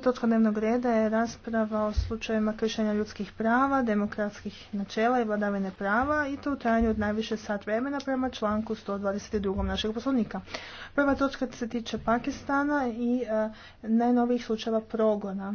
točka dnevnog reda je rasprava o slučajevima kršenja ljudskih prava, demokratskih načela i vladavine prava i to u trajanju od najviše sat vremena prema članku 122. našeg poslovnika. Prva točka se tiče Pakistana i e, najnovijih slučajeva progona.